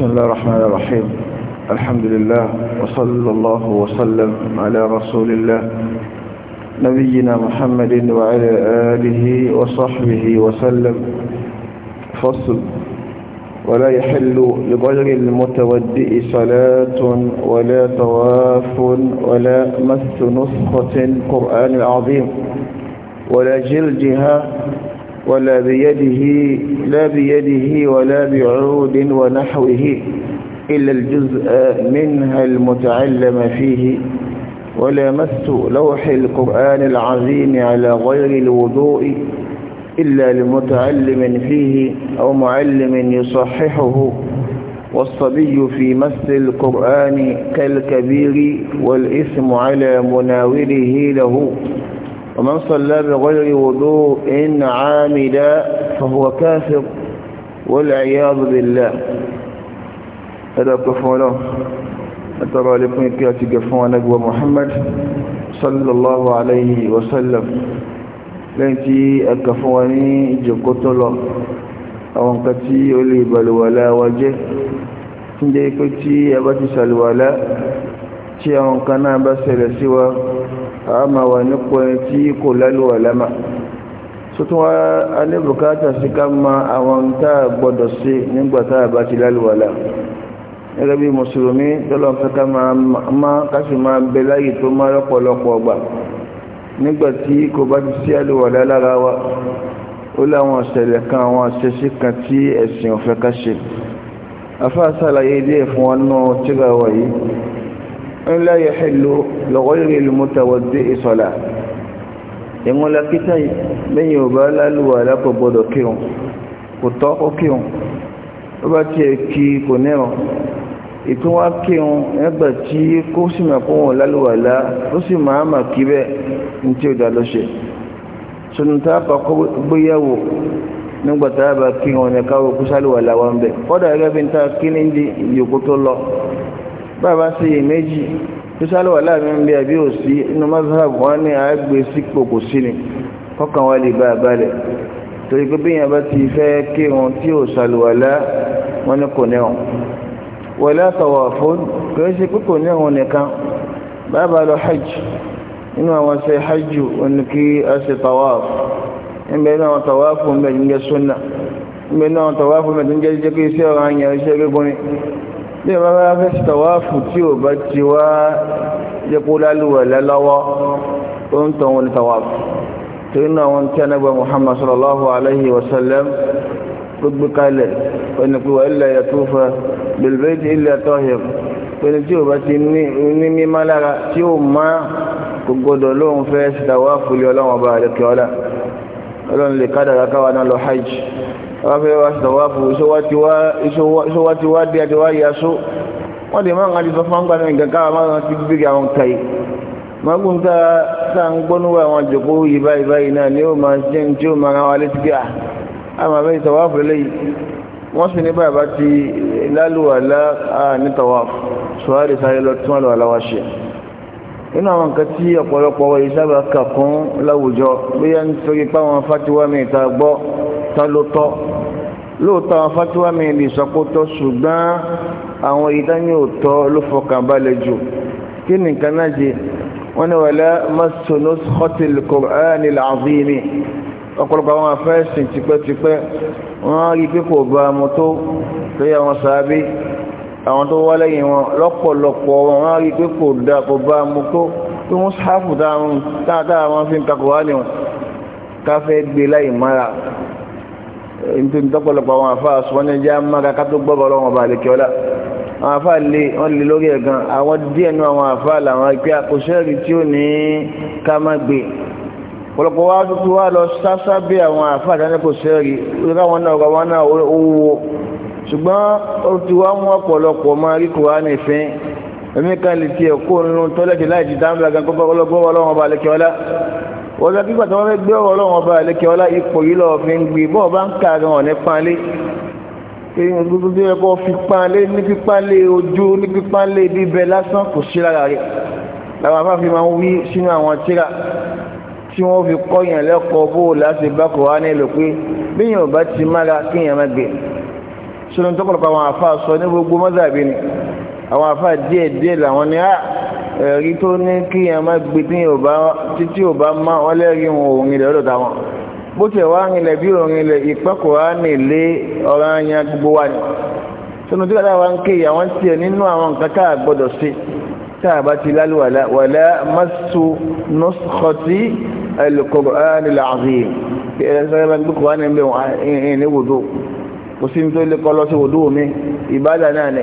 بسم الله الرحمن الرحيم الحمد لله وصلى الله وسلم على رسول الله نبينا محمد وعلى آله وصحبه وسلم فصل ولا يحل لغير المتودئ صلاة ولا طواف ولا مس نسخة قرآن عظيم ولا جلدها ولا بيده لا بيده ولا بعود ونحوه إلا الجزء منها المتعلم فيه ولا مس لوح القرآن العظيم على غير الوضوء إلا لمتعلم فيه أو معلم يصححه والصبي في مس القرآن كالكبير والإثم على مناوله له ومن صلى بغير وضوء عامدا فهو كافر والعياذ بالله هذا كفوله أترى لكم كاتي كفوان أقوى محمد صلى الله عليه وسلم لنتي أكفواني جكتل أو أنكتي أولي بالولا وجه تنجي كتي أبتي سلوالا. تي أنكنا بسل سوى a ma wà nípo ẹni tí kò lálùwà lámà tuntun wa a ní bùkátà sí ká ma àwọn tá a gbọdọ̀ sí nígbà tá a bá ti lálùwà lá gẹ́gẹ́ bí mùsùlùmí tọ́lọ́ fẹ́ ká máa kásì máa bẹ láyè tó máa lọ́pọ̀lọpọ̀ ọgbà nígbà tí kò bá ti sí àlùwà lára wa ó láwọn ọ̀sẹ̀lẹ̀ kan àwọn àṣẹṣe kan tí ẹ̀sìn ò fẹ́ ká ṣe afáàsàlàyé díẹ̀ fún wọn ńlá yẹ xìlú lọ́wọ́ ìrìlú mọ́tàwọ́dé ìsọ̀lá ìwọ̀n lakítà lẹ́yìn ọba lálùwà lápò gbọ́dọ̀ kírun kò tọ́ ó kírun ó bá tiẹ̀ kí kò nírun ìtúnwá kírun ẹgbà tí kó sì máa kó wọn lálùwà lá ó sì máa mà kí bẹ́ẹ̀ ní tí ó dá lọ́ṣẹ̀ sọ̀nùtà àpapọ̀ gbéyàwó nígbà tá a bá kírun ẹ̀ka òkú sálùwà láwọn bẹ́ẹ̀ kọ́dà gẹ́gẹ́ bí n ta kí ní ìyókù tó lọ bàbá sí èméjì tó sálọ̀wà láàrin ń bí àbí ò sí inú mazhab wọn ní àágbé sípò kò sí ni kọ́kàn wá lè bá a balẹ̀ torí pé bí yàbá ti fẹ́ kírun tí ò sálọ̀wà lá wọn ní kò nẹ́wọ̀n wọ́n látọ̀wọ̀ fún kò ń ṣe pé kò nẹ́wọ̀n nìkan bàbá lọ hajj inú àwọn ṣe hajj òní kí a ṣe tawaf ìgbẹ́ inú àwọn tawaf ń jẹ́ sunna ìgbẹ́ inú àwọn tawaf ń jẹ́ jẹ́ kí iṣẹ́ ọ̀rọ̀ bí ẹ̀bá bá fẹ́ tọ̀wáfù tí ò bá ti wá yẹpọ̀ lálùwẹ̀ lẹ́lọ́wọ́ ó ń tọ̀ wọn tọ̀wáfù tó iná wọn tí anábẹ́ Muhammad sallallahu alayhi wa sallam gbogbo kalẹ̀ ọ̀nà pé wà ilẹ̀ yẹ tó fẹ́ bilbayti illa tahir pẹ̀lú tí ò bá ti ní mímá lára tí ó má kò gbọdọ̀ fẹ́ tọ̀wáfù lé ọlọ́wọ́n bá rẹ̀ kí ọlá ọlọ́run lè kádàrá káwa náà lọ hajj wọ́n fẹ́ wá ṣàwáfù ìṣòwò tí wá dé àti wá yà só wọ́n dẹ̀ máa ń àti sọ fún àgbà náà nǹkan káwà máa ti gbé àwọn nǹkan yìí magun ta ta ń gbọ́nú àwọn àjòkó yìí báyìí náà ni ó máa jẹ́ ní tí ó máa ra wa létí pé a máa bẹ́ ìṣàwáfù lẹ́yìn wọ́n sì ti lálùwàlá ní tàwáfù sọ́hárì sáré lọ tún àlùwàlá wa ṣe nínú fatiwa mi ìta gbọ́ tọ́ ló tọ́ lóòótọ́ fatuwa mi lè sọpótọ́ ṣùgbọ́n àwọn ìdáyìn òótọ́ ló fọkàn balẹ̀ jù kí nìkan náà ṣe wọ́n ní wala masunus hotel Qur'an al-azimi ọ̀pọ̀lọpọ̀ àwọn afẹ́sìn tipẹ́tipẹ́ wọ́n rí pé kò bá mu tó lórí àwọn sàábí àwọn tó wá lẹ́yìn wọn lọ́pọ̀lọpọ̀ wọn wọ́n rí pé kò dá kò bá mu tó tí wọ́n sáfù dáadáa wọn fi ń kakọ̀ wá ní wọn káfẹ́ gbé láì mára ní tọ́pọ̀lọpọ̀ àwọn àfa àsùnwọ́n ẹja mára ká tó gbọ́rọ̀ ọlọ́run ọba àlekẹ́ ọlá àwọn àfa lè wọ́n lè lórí ẹ̀gan la díẹ̀ nú àwọn àfa làwọn ẹgbẹ́ àkóṣẹ́rì tí ó ní ká má gbé pọ̀lọpọ̀ wá dúdú wá lọ sásá bí àwọn àfa àdáni kò sẹ́rì lórí àwọn náà wọn náà owó ṣùgbọ́n ó ti wá mú ọ̀pọ̀lọpọ̀ máa rí kùránì fín èmi kan lè tiẹ̀ kó nínú tọ́lẹ̀tì láì ti dáńbà gan kó bọ́ ọlọ́gbọ́n ọlọ́run ọba àlekẹ́ ọlá wọ́n sọ kíkọ́ tí wọ́n fẹ́ gbé ọ̀rọ̀ ọlọ́run ọba àlékẹ́ ọlá ipò yìí lọ́ọ́ fi ń gbé bọ́ọ̀ bá ń kà gan ọ̀nẹ́ panlé kí n gbogbo bí ẹ̀kọ́ fi panlé ní pípanlé ojú ní pípanlé bíbẹ lásán kò sí lára rẹ̀ làwọn afáfin máa ń wí sínú àwọn tíra tí wọ́n fi kọ́yàn lẹ́kọ̀ọ́ bó o láti bá kò wá nílò pé bíyàn bá ti mára kíyàn má gbé sọ́nà tó kọ̀ọ̀kan àwọn àfa sọ ní gbogbo mọ́tàbí ni àwọn àfa díẹ̀ díẹ̀ làwọn ni á ah, ẹ̀rí tó ní kí ẹ má gbé títí ò bá má wọ́n lẹ́rí wọn òun ilẹ̀ ọ̀dọ̀ táwọn bó tẹ̀ wá rinlẹ̀ bí òun ilẹ̀ ìpẹ́kọ̀ọ́ nílé ọ̀rọ̀ ayan gbogbo wa ni sínú tí kàtà wa ń ké àwọn tiẹ̀ nínú àwọn nǹkan tá a gbọ́dọ̀ ṣe tá a bá ti lálù wàlá masu nuskhati al ní ìbádà náà ni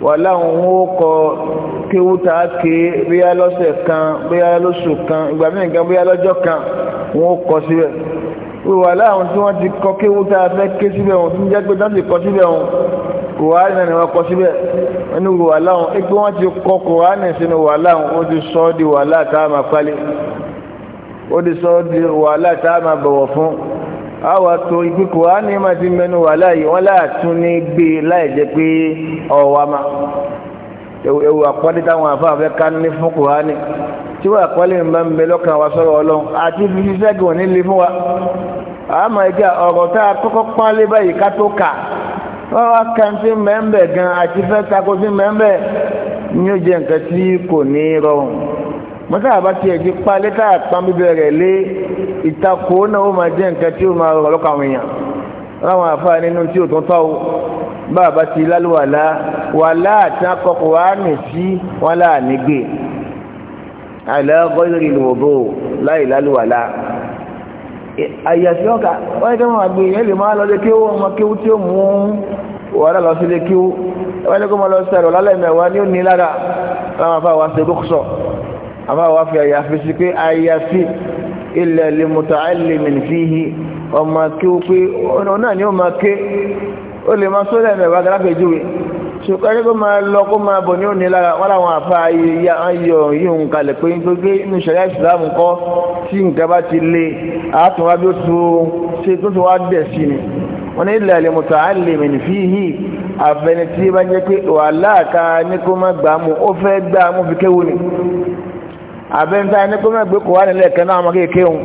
wà láwọn ó kọ kéwúta ké bóyá lọ́sẹ̀ kan bóyá lóṣù kan ìgbà mìíràn kan bóyá lọ́jọ́ kan wọn ó kọ síbẹ̀ wà láwọn tí wọ́n ti kọ kéwúta fẹ́ ké síbẹ̀ wọn tí ń jẹ́ pé náà ti kọ síbẹ̀ wọn kùránì ni wọ́n kọ síbẹ̀ nínú wà láwọn ẹgbẹ́ wọn ti kọ kùránì sínú wà láwọn ó ti sọ ọ́ di wàhálà tá a máa pálí ó ti sọ ọ́ di wàhálà tá a máa bọ̀wọ̀ fún àwa tó ìgbé kùránì máa ti mẹ́nu wà láàyè wọ́n láàtún ní gbé láì jẹ́ pé ọ̀wà ma ewu àpọ́lé táwọn àfáàfẹ́ ká ní fún kùránì tí wọ́n àpọ́lé ń bá ń bẹ lọ́kàn wa sọ̀rọ̀ ọlọ́run àti fífi sẹ́gun ní lè fún wa àmọ́ ìgbà ọ̀rọ̀ tá a kọ́kọ́ pọ́nlé báyìí ká tó kà wọ́n wá kan gan àti fẹ́ tako sí ní ó jẹ́ nǹkan tí kò ní rọrùn mọ́tà àbá tiẹ̀ ti pa lẹ́tà pàmíbẹ̀ rẹ̀ lé ìtakò náà ó máa jẹ́ nǹkan tí ó máa rọ̀ lọ́kàn àwọn èèyàn láwọn àfa nínú tí ò tó tọ́ o bá àbá ti lálùwàlá wàlá àti akọkọ̀ wàá nì sí wọn láà nígbè àìlẹ́gọ́ ìrìn òbò láì lálùwàlá àyàfi ọkà wọ́n yẹ́ kẹ́wọ́n àgbè yẹn lè máa lọ lé kéwú ọmọ kéwú tí ó mú wàhálà lọ sí lé kéwú wọ́n yẹ́ kó máa lọ sẹ́rọ̀ lálẹ́ àmọ́ àwọn afi àyàfi sí pé àyàfi ilẹ̀ lè mọ̀tà àìlèmì fìhí ọmọ kí ó pé náà ni ó máa ké ó lè máa sólẹ̀ ẹ̀mẹ̀ wá gàlápẹ̀ júwe ṣùgbọ́n ẹgbẹ́ máa lọ kó máa bọ̀ ní òní lára wọn làwọn àfa ayọ̀ yìí ń kalẹ̀ pé ń gbégbé inú ìṣẹ̀lẹ̀ ìsìlámù kọ́ tí nǹkan bá ti lé àátùn wá bí ó tó ṣe tó ti wá dẹ̀ sí ni wọn ní ilẹ̀ lè mọ̀tà àìlèmì fìhí àfẹnití bá jẹ́ pé wàhálà ká ní kó má gbàmù ó fẹ́ gbàmù fi kéwu ni àbẹ́ntà ẹni pé mẹ́gbẹ́ kò wá nílẹ̀ kẹ́nà àwọn kéèké òun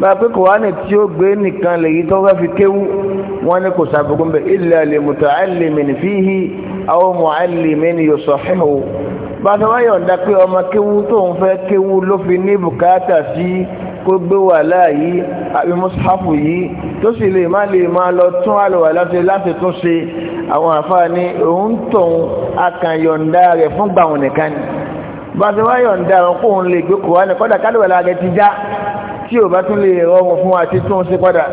bá pé kò wá ní tí ó gbé nìkan lèyí tó fẹ́ fi kéwú wọ́n ní kò sàbùkún bẹ̀ illa li muta'allimin fihi aw mu'allimin yusahihu bá tó wá yọ̀ǹda pé ọmọ kéwú tó ń fẹ́ kéwú ló fi ní bùkátà sí kó gbé wàhálà yìí àbí mùsàfù yìí tó sì lè má lè máa lọ tún àlùwà láti láti tún ṣe àwọn àfáà ní òun tóun akànyọ̀ǹda rẹ̀ fúngbà òun nìkan ni bàtí wọn yọ̀ǹda ẹ̀rọ kó òun lè gbé kùránì kọ́dà kálíwẹ̀ la gẹ̀ ti já tí ò bá tún lè rọrùn fún àti tún ṣe padà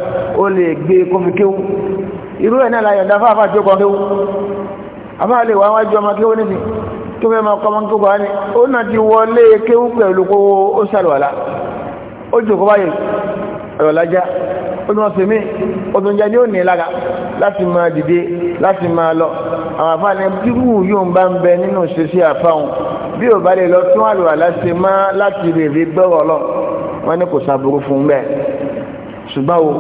ó lè gbé e kófí irú ẹ̀ náà la yọ̀ǹda fáfá tí ó kọ kéwú afá lè wá wájú ọmọ kéwú níbi tó fẹ́ máa kọ́ ọmọ kéwú kùránì ó náà ti wọlé kéwú pẹ̀lú kówó ó sàlùwàlá ó jòkó báyìí ọ̀rọ̀ lájá ó ní wọ́n bí ò bá lè lọ tún àlùwàlá ṣe má láti lè rí gbọ́rọ̀ lọ wọ́n ní kò sàbúrú fún bẹ́ẹ̀ ṣùgbọ́n o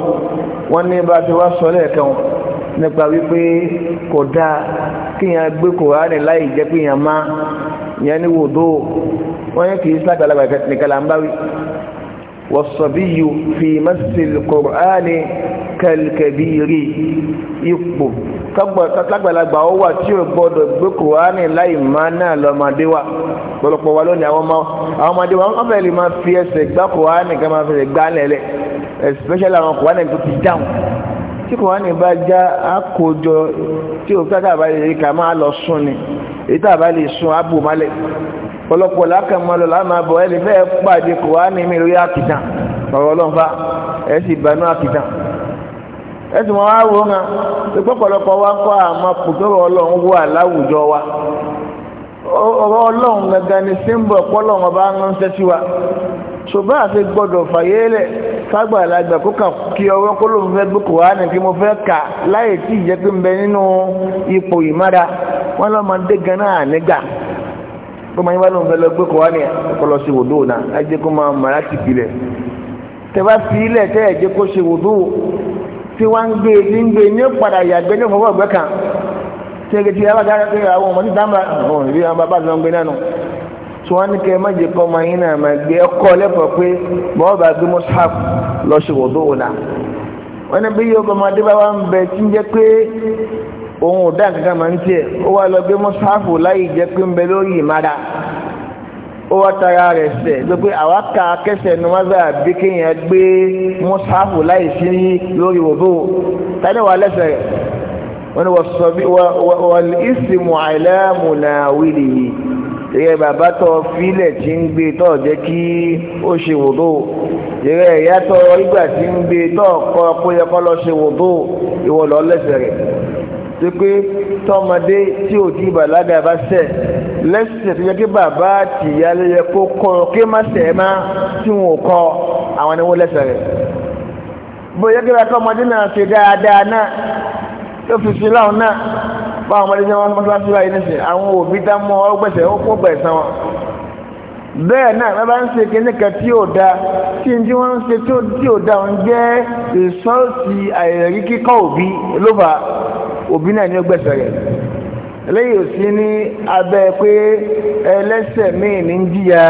wọ́n ní bá ti wá sọ lẹ́ẹ̀kan nípa wípé kò dáa kíyàn gbé kòránì láì jẹ́ kíyàn má yẹn ní wòdó wọ́n ní kì í sàgbàlagbà nìkan là ń bá wí. والصبي في مس القرآن كالكبير ipò kágbàlagbà ó wà tí ò gbọdọ̀ gbé kùránì láì máa náà lọ́mọdé wa pọ̀lọpọ̀ wa lónìí àwọn ọmọdé wa wọ́n fẹ́ẹ́ lè máa fi ẹsẹ̀ gbá kùránì ká máa fẹ́ẹ́ gbá lẹ̀lẹ̀ especially àwọn kùránì tó ti dáhùn tí kùránì bá já àkójọ tí òkúta tàbá lè ká máa lọ sùn ni èyí tàbá lè sùn ábò ọ̀pọ̀lọpọ̀ lákàmọ́ lọ láàmà bọ̀ ẹni fẹ́ pàdé kò mi lórí àkìtàn ọ̀rọ̀ ọlọ́nfà ẹ sì bẹnu àkìtàn ẹ sì mọ wá wò ó hàn wa kọ́ àmọ́ kòtòrò ọlọ́run wà láwùjọ wa ọ̀rọ̀ ọlọ́run gangan ni símbọ̀ pọ́lọ́run ọba ń ránṣẹ́ sí wa ṣùgbọ́n àti gbọ́dọ̀ fàyẹ́lẹ̀ fágbàlagbà kó kà kí ọwọ́ kó ló ń fẹ́ gbókò wá ní kí mo fẹ́ kà láì tí ìjẹ́ pé ń bẹ nínú ipò ìmára wọ́n lọ́mọdé gan náà nígbà bọ́mọ yín bá lóun fẹ́ lọ gbé kọ́ wá ní ọpọlọ ṣe wòdó náà ẹ jẹ́ kó máa mọ̀ láti pilẹ̀ tẹ́ bá fi ilẹ̀ tẹ́ ẹ jẹ́ kó ṣe wòdó tí wọ́n ń gbé ní ń gbé ní padà yàgbẹ́ ní ìfọwọ́ ọ̀gbẹ́ kan tí ẹ ti yàrá dára pé àwọn ọmọ níta máa ọ̀hún ìrírí àwọn bàbá àtúntò ń gbé náà tí wọ́n ní kẹ́ má jẹ́ kọ́ ọmọ yín náà máa òun ò dá nǹkan máa ń tiẹ̀ ó wá lọ gbé mọ́sáàfù láyé jẹ́ pé ń bẹ lórí ìmára ó wá tara rẹ̀ sẹ̀ gbogbo àwa ka kẹsẹ̀ ní wọ́n gbà bí kéèyàn gbé mọ́sáàfù láyé sí lórí òbó tani wà lẹ́sẹ̀ rẹ̀ wọ́n ní wọ́n ìsìmù àìlẹ́mùnà wíìlì yìí ìrẹ́ bàbá tó filẹ̀ tí ń gbé tó jẹ́ kí ó ṣe wòdó ìrẹ́ ìyá tó ìgbà tí ń gbé tó kọ́ kó yẹ kó lọ ṣe wòdó ìwọ lọ lẹ́sẹ̀ rẹ̀ tó pé tọmọdé tí ò tí bàlágà bá ṣẹ̀ lẹ́sẹ̀ tó yẹ kí bàbá àtìyá ló yẹ kó kọ́ kí má ṣẹ̀ má tí wọn ò kọ́ àwọn ni wọ́n lẹ́sẹ̀ rẹ̀ bóyá kí bàtọ́ ọmọdé náà ṣe dáadáa náà tó fi fi láwọn náà báwọn ọmọdé jẹ́ wọn mọ́sálásí báyìí nísìn àwọn òbí dá mọ́ ó pọ̀ gbẹ̀sán wọn bẹ́ẹ̀ náà bàbá ń ṣe kíní tí ò da tí n tí wọ́n ń ṣe tí ò da òun jẹ́ ìsọ́ọ̀sì àìrí kíkọ́ òbí ló fà á òbí náà ní ó gbẹ̀sẹ̀ rẹ̀ eléyìí ò sí ní abẹ́ pé ẹlẹ́sẹ̀ míì ní ń jìyà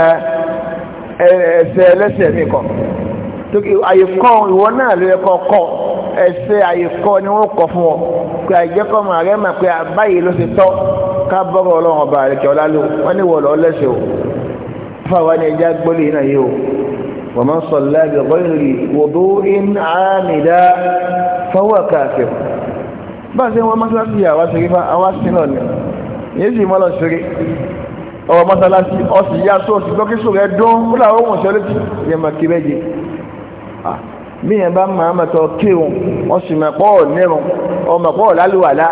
ẹsẹ̀ ẹlẹ́sẹ̀ míì kan tókè àyè kọ́ ìwọ náà ló yẹ kọ́ kọ́ ẹsẹ̀ àyè kọ́ ni wọ́n kọ́ fún ọ pé àìjẹ́kọ́ mà rẹ́ mà pé àbáyé ló ti tọ́ ká bọ́rọ̀ ọlọ́run ọba rẹ̀ kẹ́ ọ lálẹ́ wọ́n ní wọ̀lọ́ lẹ́sẹ̀ o fáwọn ni ẹja gbọ́lé náà yìí o wọ́n máa ń sọ láàbì ọ̀gbọ́n ìrì àmì dá fọwọ́ káàkiri bá ṣe wọn mọ́sálásí àwa ṣeré fá àwa sílọ̀ ni èyí sì mọ́ lọ ṣeré ọwọ́ mọ́sálásí ọ̀sì yá sọ ọ̀sì gbọ́kísù rẹ̀ dún ó dà wọ́n ṣe létí yẹn máa kí bẹ́ẹ̀ jẹ bí yẹn bá máa mẹ́tọ́ kéwọn ọ̀sì mẹ́pọ̀ nírun ọmọpọ̀ lálùwàlá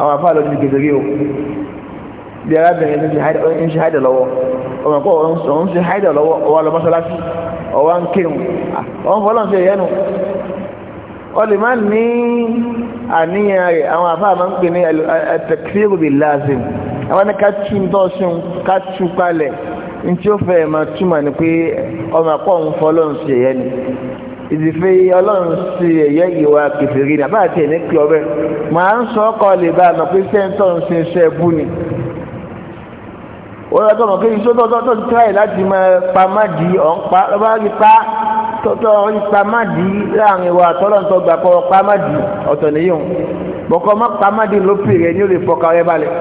àwọn afá lọ sí o bí arábìnrin ń ṣe háìdà lọ́wọ́ ọmọpọ̀ ń ṣe háìdà lọ́wọ́ ọwọ́ ọlè má ní àníyàn rẹ̀ àwọn àfáà máa ń pè ní àtẹ̀kìrì bí láàzìm àwọn ní ká tú ń tọ́sùn ká tú palẹ̀ ní tí ó fẹ́ máa túmọ̀ ní pé ọmọ àpọ̀ ń fọ́ ọlọ́run sí ẹ̀yẹ ni ìdìfẹ́ ọlọ́run sí ẹ̀yẹ ìwà kẹfìrí ní àbáàtì ẹ̀ ní pé ọbẹ̀ máa ń sọ ọkọ̀ lè bá àmọ̀ pé sẹ́ńtọ̀ ń sin iṣẹ́ bú ni wọ́n yọ tọ́mọ̀ di ọ̀npa lọ́ba rí pa tọ́tọ́ ìpamádì láàrin wa tọ́lọ́ ń tọ́gbà kọ́ pamádì ọ̀tọ̀ nìyẹn bọ̀kọ́ má pamádì ló pè rẹ̀ ní o lè fọkà rẹ balẹ̀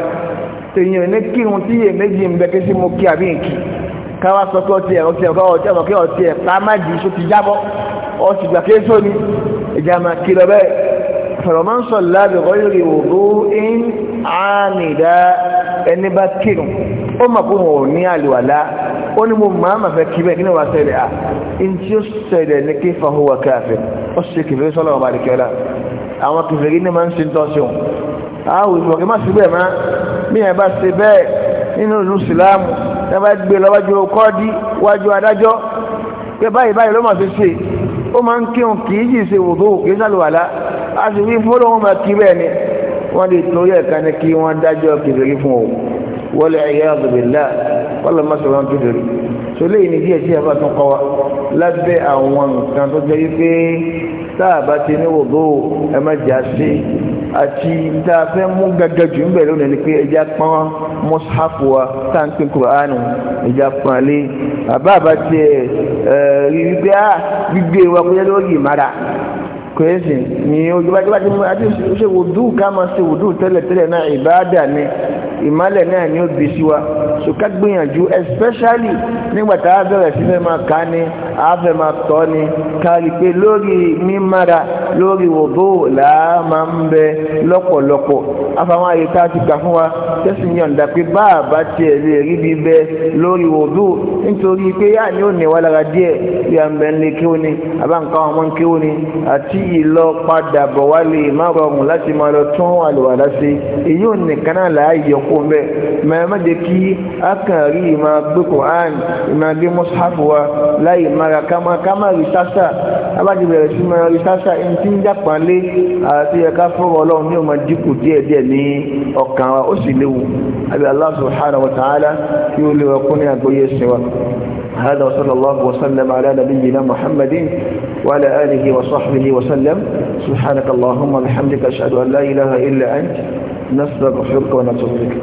tèèyàn ní kírun tí yè méjì ń bẹ kí sí mo kí àbí nkì káwá sọ pé ọtí ẹ̀ ọtí ẹ̀ ọtí ẹ̀ ọtí ẹ̀ ọtí ẹ̀ pamádì sọ ti jábọ́ ọtí gbà kí sọ ni ìjà máa kí lọ bẹ́ẹ̀ fọ̀rọ̀mọ́n sọ láàbì ọ̀yọ́rì òru ń àmì dá ẹni bá kírun ó mà kó wọn ò ní àlùwàlá ó ní mo máa ma fẹ́ kí bẹ́ẹ̀ kí ní wà ṣẹlẹ̀ à in tí ó ṣẹlẹ̀ ní kí fahuwa káfẹ́ ó ṣe kìfẹ́ sọ́lọ̀ ọba àdìkẹ́lá àwọn kìfẹ́ kí ní máa ń ṣe tọ́sí òun àwọn ìgbọ̀n kí má sí bẹ́ẹ̀ má bí ẹ bá ṣe bẹ́ẹ̀ nínú ìlú sìláàmù ẹ bá gbé lọ́wájú kọ́ọ̀dí wájú adájọ́ pé báyìí báyìí ló mà ṣe ṣe ó máa ń kírun kì í jì ṣe wòdó kì í ṣàlùwàlá a sì fi fún lóhun máa kí bẹ́ẹ̀ ni wọ́n lè torí ẹ̀ka ni kí wọ́n dájọ́ kìfẹ́ kí fún òun wọ́n lè ẹ̀yà ọ̀gbìn láà kọ́lọ̀ má sọ̀rọ̀ tó dèrè so léyìn ní díẹ̀ tí a bá tún kọ́ wa lábẹ́ àwọn nǹkan tó jẹ́ wípé tá a bá ti ní wògbó ẹ má jà sí àti tá a fẹ́ mú gẹ́gẹ́ jù ń bẹ̀ lónìí ni pé ẹja pọ́n mọ́sáfù wa tá à ń pè kúránù ẹja pọ́n lé àbá àbá tiẹ̀ rí wípé a ah, gbígbé wa kó yẹ lórí ìmára kòyẹ́sì ni ojú bá ti bá ti mú àti ṣe wòdú ká máa ṣe wòdú tẹ́lẹ̀ tẹ́lẹ̀ náà ìbáàdà ni ìmálẹ̀ náà ni ó gbé sí wa so gbìyànjú especially nígbàtà àbẹ̀rẹ̀ sí fẹ́ máa ká ní àfẹ́ máa tọ́ ni kárí pé lórí mímára lórí wòbó làá máa ń bẹ lọ́pọ̀lọpọ̀ afáwọn àyè tá a ti kà fún wa tẹ́sán yọ̀ǹda pé bá a bá tiẹ̀ lè rí bí bẹ́ẹ̀ lórí wòdù nítorí pé yá ni ó ní wa lára díẹ̀ bí a ń bẹ̀ ń lé kéwò ni àbá nǹkan ọmọ ń kéwò ni àti ìlọ padà bọ̀ wá lè má rọrùn láti máa lọ tún àlùwàlá ṣe èyí ò nìkan náà là á yọ kó ń bẹ̀ mẹ́ẹ̀mẹ́jẹ kí a kàn rí ìmọ̀ gbé Qur'an ìmọ̀ gbé mọ́sáfù wa láì mara kámá kámá rìsásà abájú bẹ̀rẹ̀ sí mọ́ rìsásà ẹni tí ń ní ọkàn wa ó sì léwu àbí Allah subhanahu wa ta'ala kí ó léwu ẹkún ní àgbóyè sí wa هذا وصلى الله وسلم على نبينا محمد وعلى آله وصحبه وسلم سبحانك اللهم وبحمدك أشهد أن لا إله إلا أنت نستغفرك ونتوب إليك